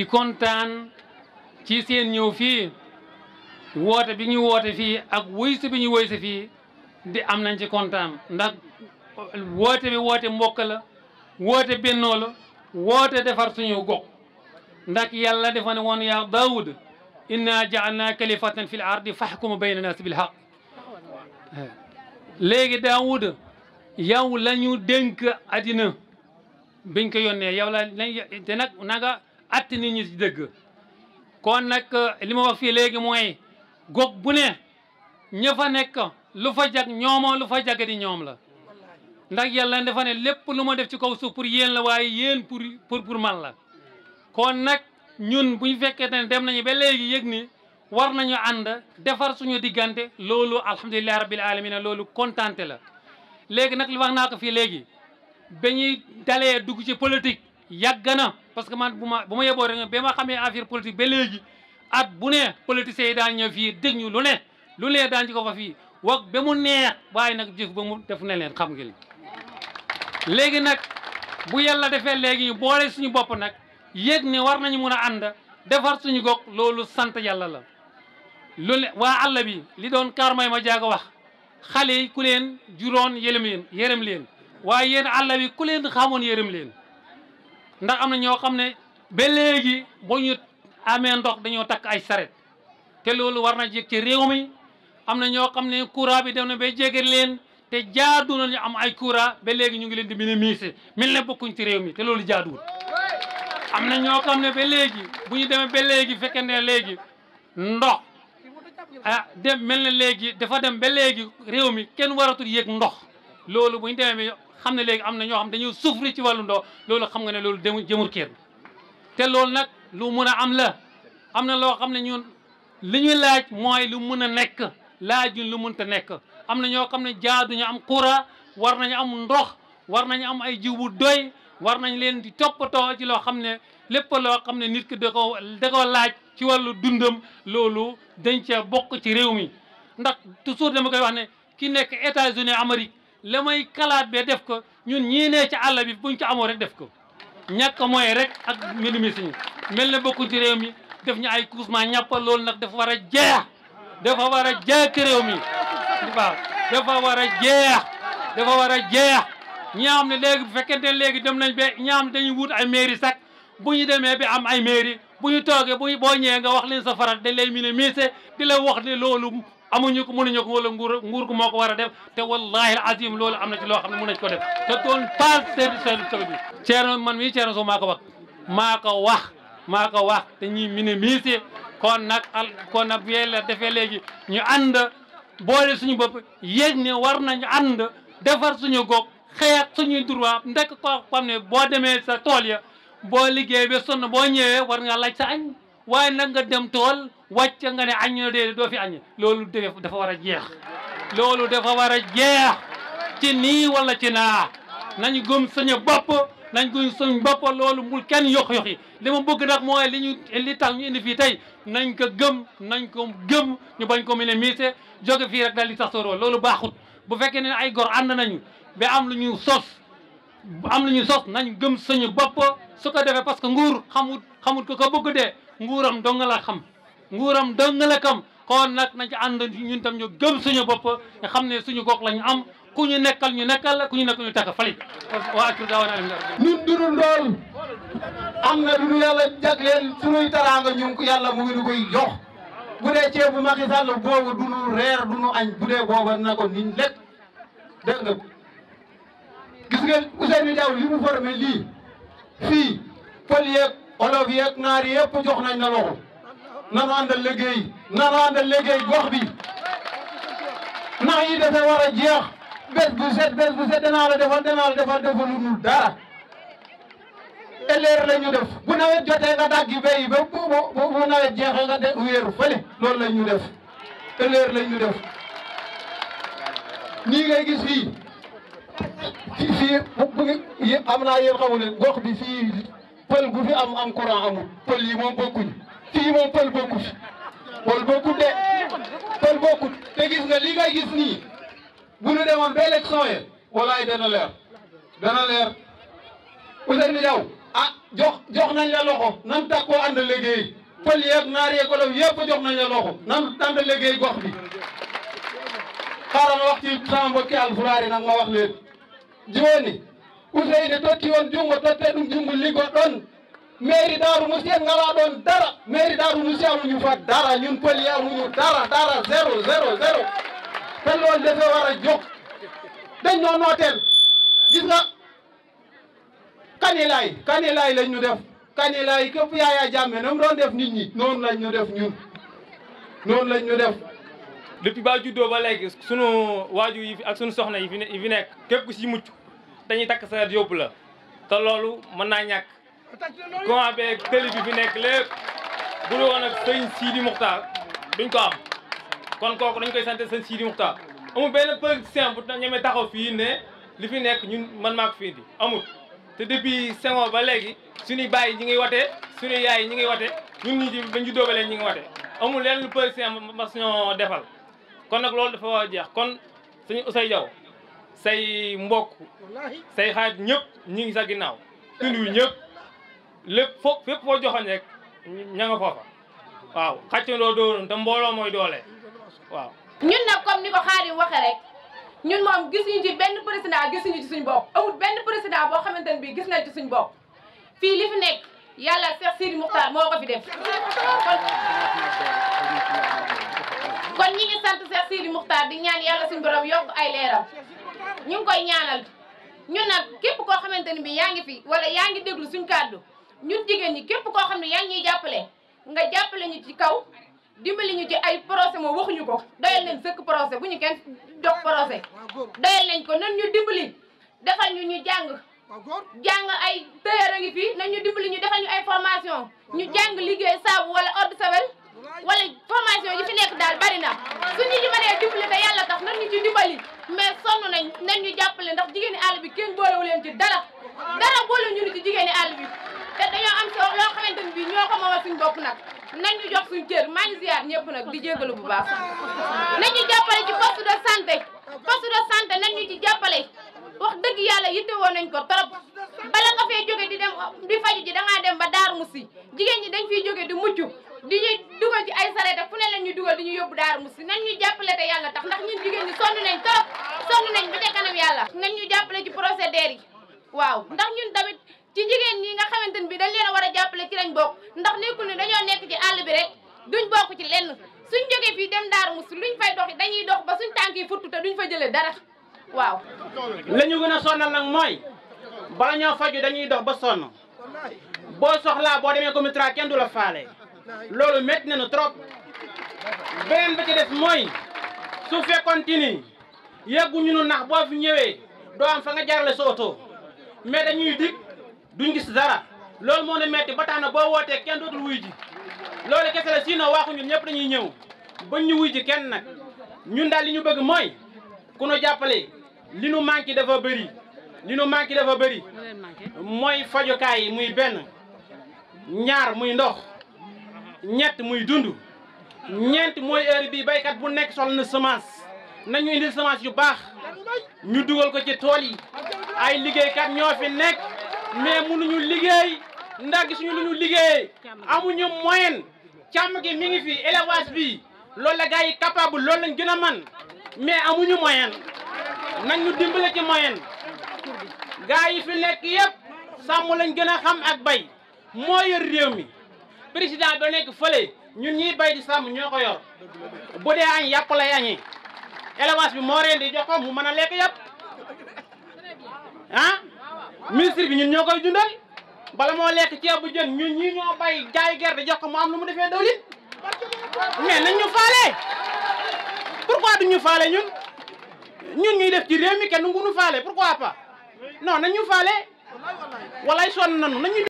di kontaan ci seen ñëw fii woote bi ñu woote fii ak wëysa bi ñu wëysa fii di am nañ ci kontaan ndax woote bi woote mbokk la woote bennoo la woote defar suñu gox ndax yàlla dafa ne woon yaa daawud inna jaalnaa kalifatan fi l ardi fahkum bayna naas bil haq léegi daawud yow la ñu dénk àddina biñ ko yónnee yow la te nag nanga atti nit ñi ci dëgg kon nag eh, li ma wax fii léegi mooy gox bu ne ña fa nekk lu fa jag ñoomoo lu fa jag di ñoom la ndax yàlla dafa ne lépp lu ma def ci kaw suuf pour yéen la waaye yéen pour pour pour man la kon nag ñun bu ñu fekkee ne dem nañu ba léegi yëg ni war nañu ànd defar suñu diggante loolu alhamdulillahi rabbil alamina loolu kontante la léegi nag li wax naa ko fii léegi ba ñuy dalee dugg ci politique yàgg na parce que man bu ma bu ma yeboo rek ba ma xamee affaire politique ba léegi at bu ne politiciens yi daan ñëw fii dégg ñu lu ne lu lee daan ci ko fa fii wax be mu neex waaye nag jëf ba mu def ne leen xam ngeen léegi nag bu yàlla defee léegi ñu boole suñu bopp nag yéeg ne war nañu mun a ànd defar suñu gox loolu sant yàlla la loolu waa àll bi li doon kaar may ma jaaga wax xale yi ku leen juróon yërëm leen yërëm leen waaye yéen àll bi ku leen xamoon yërëm leen ndax am na ñoo xam ne ba léegi bu ñu amee ndox dañoo takk ay saret te loolu war na jég ci réew mi am na ñoo xam ne courant bi dem na ba jege leen te jaadu nañu am ay courant ba léegi ñu ngi leen di minimiser mel ne bokkuñ ci réew mi te loolu jaaduwul am na ñoo xam ne ba léegi bu ñu demee ba léegi fekkee ne léegi ndox ah dem mel na léegi dafa dem ba léegi réew mi kenn waratul yéeg ndox loolu bu ñu demee xam ne léegi am na ñoo xam dañoo souffrir ci wàllu ndox loolu xam nga ne loolu dem jëmur kër te loolu nag lu mun a am la am na loo xam ne ñun li ñu laaj mooy lu mun a nekk laajuñ lu mënta nekk am na ñoo xam ne jaaduñu am courant war nañu am ndox war nañu am ay jiw bu doy war nañ leen di toppatoo ci loo xam ne lépp loo xam ne nit ki da ko laaj ci wàllu dundam loolu dañ cee bokk ci réew mi ndax toujours dama koy wax ne ki nekk États-Unis Amérique la may kalaat be def ko ñun ñii nee ci àll bi buñ ci amoo rek def ko ñàkk mooy rek ak minimi siñu mel ne bokku ci réew mi def ñu ay cousement ñàppal loolu nag dafa war a jeex dafa war a jeex ci réew mi waaw dafa war a war a jeex ñi xam ne léegi bu fekkente ne léegi dem nañ ba ñaam nga xam ne dañuy wut ay mairie sax bu ñu demee ba am ay mairie bu ñu toogee bu ñu boo ñëwee nga wax leen sa farat dañ mi minimiser di la wax ne loolu amuñu ko mënuñu ko wala nguur nguur ko moo ko war a def te wallahi azim loolu am na ci loo xam ne na nañ ko def te doon pas service service bi Thierno man mii Thierno maa ko wax maa ko wax maa ko wax te ñuy minimiser kon nag al kon nag bu la defee léegi ñu ànd boole suñu bopp yéeg ne war nañu ànd defar suñu gox xeex suñuy droit ndekk koo xam ne boo demee sa tool ya boo liggéey ba sonn boo ñëwee war nga laaj sa añ waaye nag nga dem tool wàcc nga ne añ na déedéet doo fi añ loolu dafa war a jeex loolu dafa war a jeex ci nii wala ci naa nañu gëm suñu bopp nañ gëm suñ bopp loolu bul kenn yox-yox yi li ma bëgg nag mooy li ñu li tax ñu indi fii tey nañ ko gëm nañ ko gëm ñu bañ ko minimiser jóge fii rek daal di tax sóoroo loolu baaxut bu fekkee ne ay gor ànd nañu ba am lu ñu sos am lu ñu sos nañ gëm suñu bopp su ko defee parce que nguur xamut xamut ko ko bëgg de nguuram dong la xam nguuram dëng la kam kon nag na ci ànd ñun tam ñu gëm suñu bopp nga xam ne suñu gox lañu am ku ñu nekkal ñu nekkal la ñu nekkal ñu takk fali waa acur daa wana am na duñu yàlla jagleel suñuy taraanga ñu yàlla mu ngi ñu koy jox bu dee ceebu Macky Sall boobu duñu reer duñu añ bu dee booba na ko lekk dégg nga gis nga Ousseynou Diaw li mu formé lii fii pël yeeg olof yeeg naar yëpp jox nañ na loxo nanu àndal liggéey nanu àndal liggéey gox bi nax yi dafa war a jeex bés bu set bés bu set danaa la defal danaa la defal defal lu dul dara leer la ñu def bu nawet jote nga daggi béy ba bu bu nawet jeexee nga de wéeru fële loolu la ñu def leer la def nii ngay gis fii fii bu xam naa yéen xamu leen gox bi fii pël gu fi am am courant amul pël yi moom bokkuñ fii moom pël bokku pël bokku te gis nga li gis nii bu nu demoon ba élection yi walaay dana leer dana leer Ousseynou Diaw ah jox jox nañ la loxo nam tàkkoo ànd liggéey pël yeeg naar yeeg olof yëpp jox nañ la loxo nam ànd liggéey gox bi xaaral ma wax ci sama mbokki alfulaar yi nag ma wax leen jiwoon ni Ousseynou to ci jungo to te ɗum jungo ligo ɗon mairie Darou Mouhty ngalaa ɗon dara mairie Darou Mouhty aruñu fa dara ñun poli aruñu dara dara zéro zéro zéro pen loolu dafa war a jóg dañ ñoo nooteel gis nga kanilaay kanilaay lañ ñu def kanilaay képp Yaya Jammeh nam doon def nit ñi noonu lañ ñu def ñun noonu lañ ñu def depuis ba juddoo ba léegi sunu waajur yi ak sunu soxna yi fi nekk képp ku si mucc dañuy takk saret yóbbu la te loolu mën naa ñàkk courant beeg tëli bi fi nekk lépp bu dul woon ak sëñ Sidi Moukhtar duñ ko am kon kooku dañ koy sant sëñ Sidi Moukhtar amul benn politicien bu ñemee taxaw fii ne li fi nekk ñun man maa ko fi indi amul te depuis Senghor ba léegi suñuy baay ñi ngi watee suñuy yaay ñi ngi watee ñun ñi di bañ ñu dóobalee ñi ngi watee amul lenn lu ma mas ñoo defal kon nag loolu dafa war jeex kon sëñ Ousseyn jaw say mbokk say xarit ñëpp ñi ngi sa ginnaaw tund ñëpp lépp fo fépp foo joxoñ rek ña nga foofa waaw xàccandoo doon te mbooloo mooy doole waaw. ñun nag comme ni ko Xaadim waxee rek ñun moom gisuñu ci benn président gisuñu ci suñ bopp amul benn président boo xamante ne bii gis nañ ci suñ bopp fii li fi nekk yàlla Cheikh Sidi Moukhtar moo ko fi def. kon ñi ngi sant Cheikh Sidi Moukhtar di ñaan yàlla suñ borom yokk ay leeram ñu ngi koy ñaanal ñun nag képp koo xamante ne bii yaa ngi fi wala yaa ngi déglu suñ kàddu. ñun jigéen ñi képp koo xam ne yaa ñuy jàppale nga jàppale ñu ci kaw dimbali ñu ci ay procès moom ñu ko doyal nañ sëkk procès bu ñu kenn dox procès doyal nañ ko nan ñu dimbali defal ñu ñu jàng jàng ay tailleur a ngi fii nan ñu dimbali ñu defal ñu ay formation ñu jàng liggéey saabu wala ordre di jégalu bu baax nañu jàppale ci poste de santé poste de santé nañu ci jàppale wax dëgg yàlla yittewoo nañ ko trop bala nga fee jóge di dem di faju ji dangaa dem ba daaru musi jigéen ñi dañ fiy jóge di mucc di ñuy dugal ci ay sareet fu ne la ñuy dugal di ñu yóbbu daar musi nañ ñu jàppale te yàlla tax ndax ñun jigéen ñi sonn nañ trop sonn nañ ba ca kanam yàlla nañ ñu jàppale ci procédures yi waaw ndax ñun tamit ci jigéen ñi nga xamante ne bi dañ leen a war a jàppale ci lañ bokk ndax nekkul ne dañoo nekk ci àll bi rek duñ bokk ci suñ jógee fii dem Daaru Muxti luñ fay doxi dañuy dox ba suñ tànk yi futtu te duñ fa jëlee dara waaw la ñu gën a sonnal nag mooy bala ñoo faju dañuy dox ba sonn boo soxlaa boo demee commitra kenn du la faale loolu métti nañu trop beneen ba ci mooy su fekkoon tini yegguñu nu nax boo fi ñëwee doo am fa nga jaarale sa oto mais dañuy dig duñ gis dara loolu moo ne metti ba tax na boo wootee kenn dootul wuy ji loolu kese la sinon waaxu ñun ñëpp dañuy ñëw bañ ñu wuy ji kenn nag ñun daal li ñu bëgg mooy ku nu jàppale li nu manqué dafa bëri li nu manqué dafa bëri mooy fajukaay yi muy benn ñaar muy ndox ñett muy dund ñeent mooy heure bi baykat bu nekk soxla na semence nañu indil semence yu baax ñu dugal ko ci tool yi ay liggéeykat ñoo fi nekk mais mënuñu liggéey ndax gisuñu lu ñu liggéey amuñu moyen càmm gi mi ngi fi élevage bi loolu la gars yi capable loolu lañ gën a man mais amuñu moyen nañ ñu dimbale ci moyen gars yi fi nekk yëpp sàmm lañ gën a xam ak bay moo yor réew mi président ba nekk fële ñun ñiy bay di sàmm ñoo ko yor bu dee añ yàpp lay añi élevage bi moo reen di jox ko mu mën a lekk yëpp ah ministre bi ñun ñoo koy dundal bala moo lekk ceebu jën ñun ñi ñoo bay jaay gerte jox ko mu am lu mu defee dawlin mais nañ ñu faale pourquoi duñ ñu faale ñun ñun ñuy def ci réew mi kenn du ñu faale pourquoi a non nañ ñu faale walay sonn nañu nañu